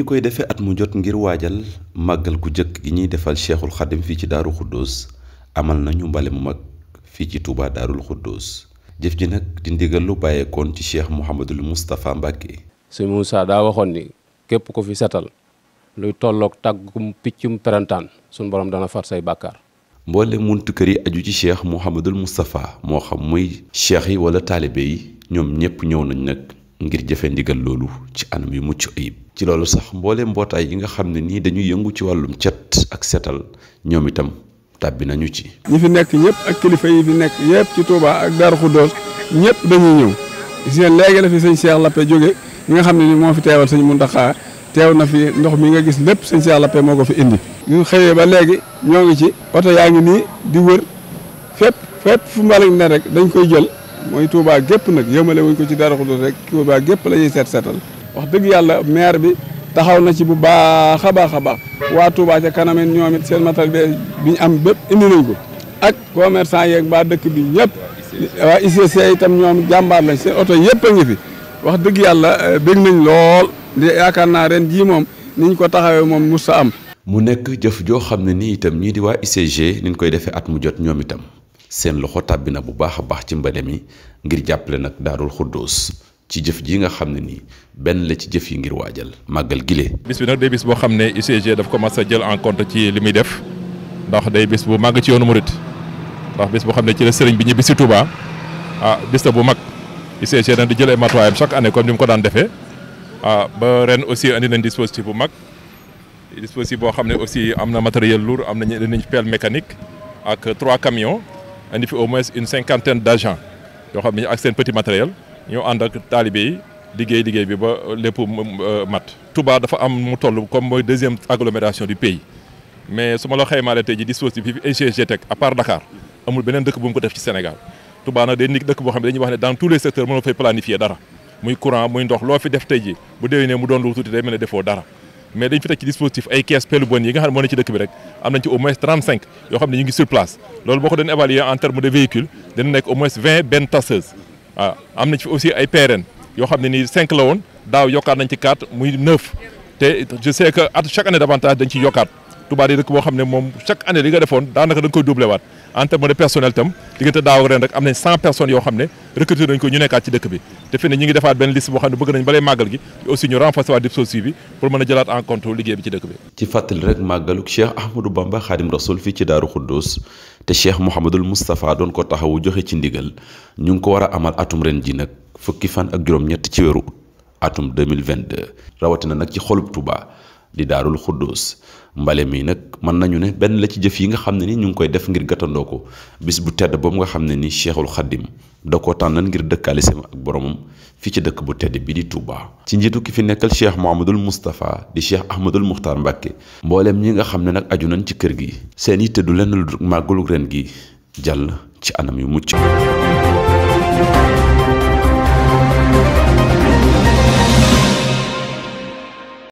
ñu koy defee at mu jot ngir waajal màggal ku jëkk yi ñuy defal cheikhul xadim fii ci daaru xuddoos amal nañu mbale mu mag fii ci Touba daarul xuddoos jëf ji nag di ndigal lu bàyyeekoon ci cheikh Mouhamadul Moustapha Mbacke. sëñ Moussa daa waxoon ni képp ko fi setal luy tolloog tàggum piccum perantaan suñ borom dana far say bàkkaar. mboole muntu kër yi aju ci cheikh Mouhamadul Moustapha moo xam muy cheikh yi wala taalibe yi ñoom ñëpp ñëw nañu nag. ngir jëfe ndigal loolu ci anam yu mucc ayib ci loolu sax mboolee mbootaay yi nga xam ne nii dañuy yëngu ci wàllum cet ak setal ñoom itam tàbbi nañu ci ñi fi nekk ñëpp ak kilifa yi fi nekk yëpp ci Touba ak Darou Khoudoss ñëpp dañuy ñëw gis ngeen la fi sëñ Cheikh Lappe jóge ñi nga xam ne ni moo fi teewal sëñ Mountakha teew na fi ndox mi nga gis lépp sëñ Cheikh Lappe moo ko fi indi ñu xëyee ba léegi ñoo ngi ci oto yaa ngi nii di wër fépp fépp fu mbalit dañ koy jël mooy tuubaa gépp nag yëmale wuñ ko ci Darou Khoudoss rek Touba gépp lañuy ñuy seet seetal wax dëgg yàlla maire bi taxaw na ci bu baax a baax a baax waa Touba ca kanam it ñoom it seen matériel bi ñu am bëpp indi nañ ko ak commerçant yeeg baa dëkk bi ñëpp waa ICC itam ñoom jàmbaar lañ seen oto yëpp a fi wax dëgg yàlla eh, bég nañ lool yaakaar naa ren jii moom niñ ko taxawee moom mus sa am mu nekk jëf joo xam ne nii itam ñii di waa ICG niñ koy defee at mu jot ñoom itam seen loxo tàbbi na bu baax a baax ci mbale mi ngir jàppale nag daarul xuddoos ci jëf ji nga xam ne nii benn la ci jëf yi ngir waajal màggal gile. bis bi nag day bis boo xam ne UCG daf commencé jël en compte ci li muy def ndax day bis bu màgg ci yoonu murit ndax bis boo xam ne ci la sëriñ bi ñibbi si Touba ah bis bu mag UCG nag di jëlee matuwaayam chaque année comme ni mu ko daan defee ah ba ren aussi andi nañ dispositif bu mag dispositif boo xam ne aussi am na matériel lourd am nañu dañuy pelle mécanique ak trois camions. indi fi au moins une cinquantaine d' agents yoo xam ne ak seen petit matériel ñu ànd ak taalibe liggéey liggéey bi ba lépp euh, mat. Touba dafa am mu toll comme mooy deuxième agglomération du pays mais su ma la xaymaale tey ji dispositif bi UCG teg à part Dakar amul beneen dëkk bu mu ko def ci Sénégal Touba nag day nekk dëkk boo xam ne dans tous les secteurs mënoo fay planifier dara muy courant muy ndox loo fi def tey ji bu déwénee mu doon lu tuuti day mel ne mais dañ fi teg ci dispositif ay kees pelu bon yi nga xam ne moo ne ci dëkk bi rek am nañ ci au moins 35 yoo xam ne ñu ngi sur loolu boo ko doon évaluer en terme de véhicule dina nekk au moins 20 bennes tasseuses waaw am nañ fi aussi ay PRN yoo xam ne nii 5 la woon daaw yokkaat nañ ci 4 muy 9 te je sais que at chaque année davantage dañ ciy yokkaat Touba di dëkk boo xam ne moom chaque année li nga defoon daanaka da nga koy doublé waat en terme de personnel tam diggante daaw rek am nañ cent yoo xam ne recruté nañ ko ñu nekkaat ci dëkk bi te fi ne ñi ngi defaat benn liste boo xam ne bëgg nañ balay màggal gi aussi ñu renforcer waat dispositif bi pour mën a jëlaat en compte liggéey bi ci dëkk bi ci fàttali rek màggaluk Cheikh Ahmadou Bamba Khadim Rasoul fii ci Daaru Xuddus te Cheikh Mouhamadul ko taxawu joxe ci ndigal ñu a amal atum ren ji nag fukki fan ak juróom-ñett ci weeru atum rawatina nag ci xolub Touba di daarul xudduus mbale mi nag mën nañu ne benn la ci jëf yi nga xam ne ni ñu ngi koy def ngir gàttandoo ko bis bu tedd boobu nga xam ne ni cheikhul xaddim da koo tànnal ngir dëkkaalisam ak boromam fii ci dëkk bu tedd bi di Touba. ci njiitu ki fi nekkal cheikh Mouhamadul Moustapha di cheikh Ahmadul Muxtaar Mbàkke mbooleem ñi nga xam ne nag aju nañ ci kër gi seen yitte du lenn lu màggalu ren gi jàll ci anam yu mucc